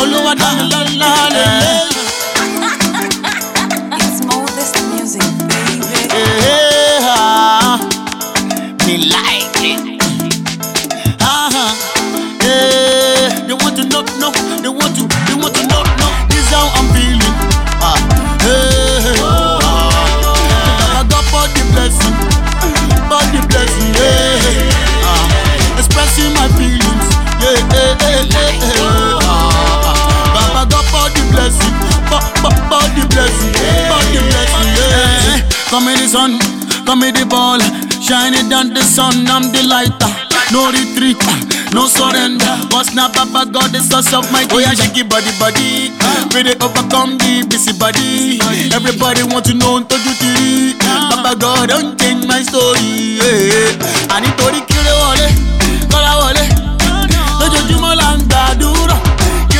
Olúwa dá mi lọ́lá Come me the sun, come me the ball, shining it the sun. I'm the lighter, no retreat, no surrender. But now Papa God the source of my. Oh yeah, shake body body, we they overcome the busy body. Everybody want to know to you three. Papa God don't change my story. Yeah. I need to kill wọlé, kọ́lá wọlé, lójoojúmọ́ là ń gbàdúrà. Kí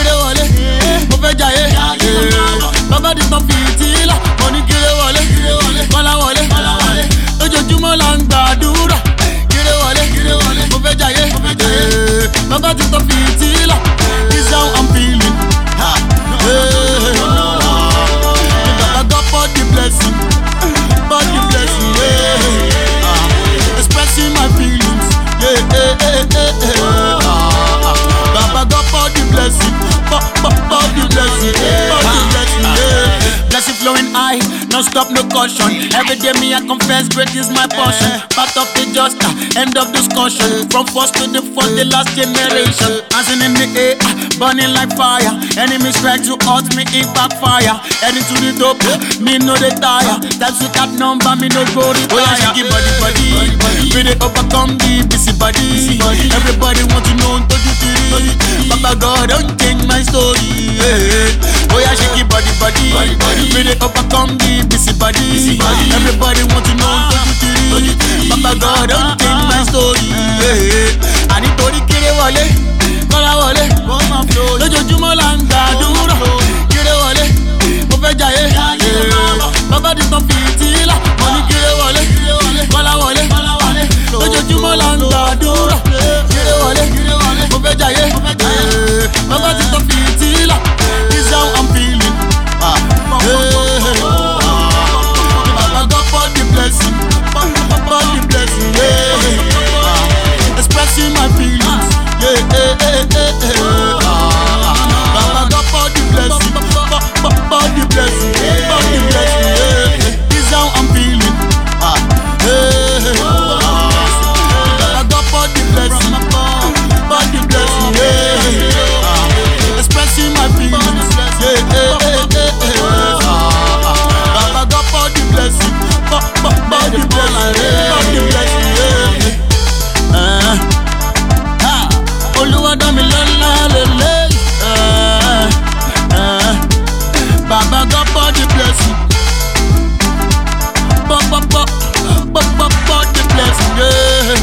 bàbá di tán saudade do vídeo don't stop no caution. Every day me I confess, great is my portion. Eh. Part of the just uh, end of discussion. From first to the fourth, the last generation. Dancing in the air, uh, burning like fire. Enemies try to hurt me, it backfire. Heading to the top, uh, me no they tire. That's with that number, me no go retire. Oh yeah, shake body, body, body, body. We they overcome the busy àní torí kéré wọlé kọ́lá wọlé lójoojúmọ́ là ń gbàdúrà. bag up on the blessing. Bump, bump, bump, bump, bump, bump, the blessing, yeah.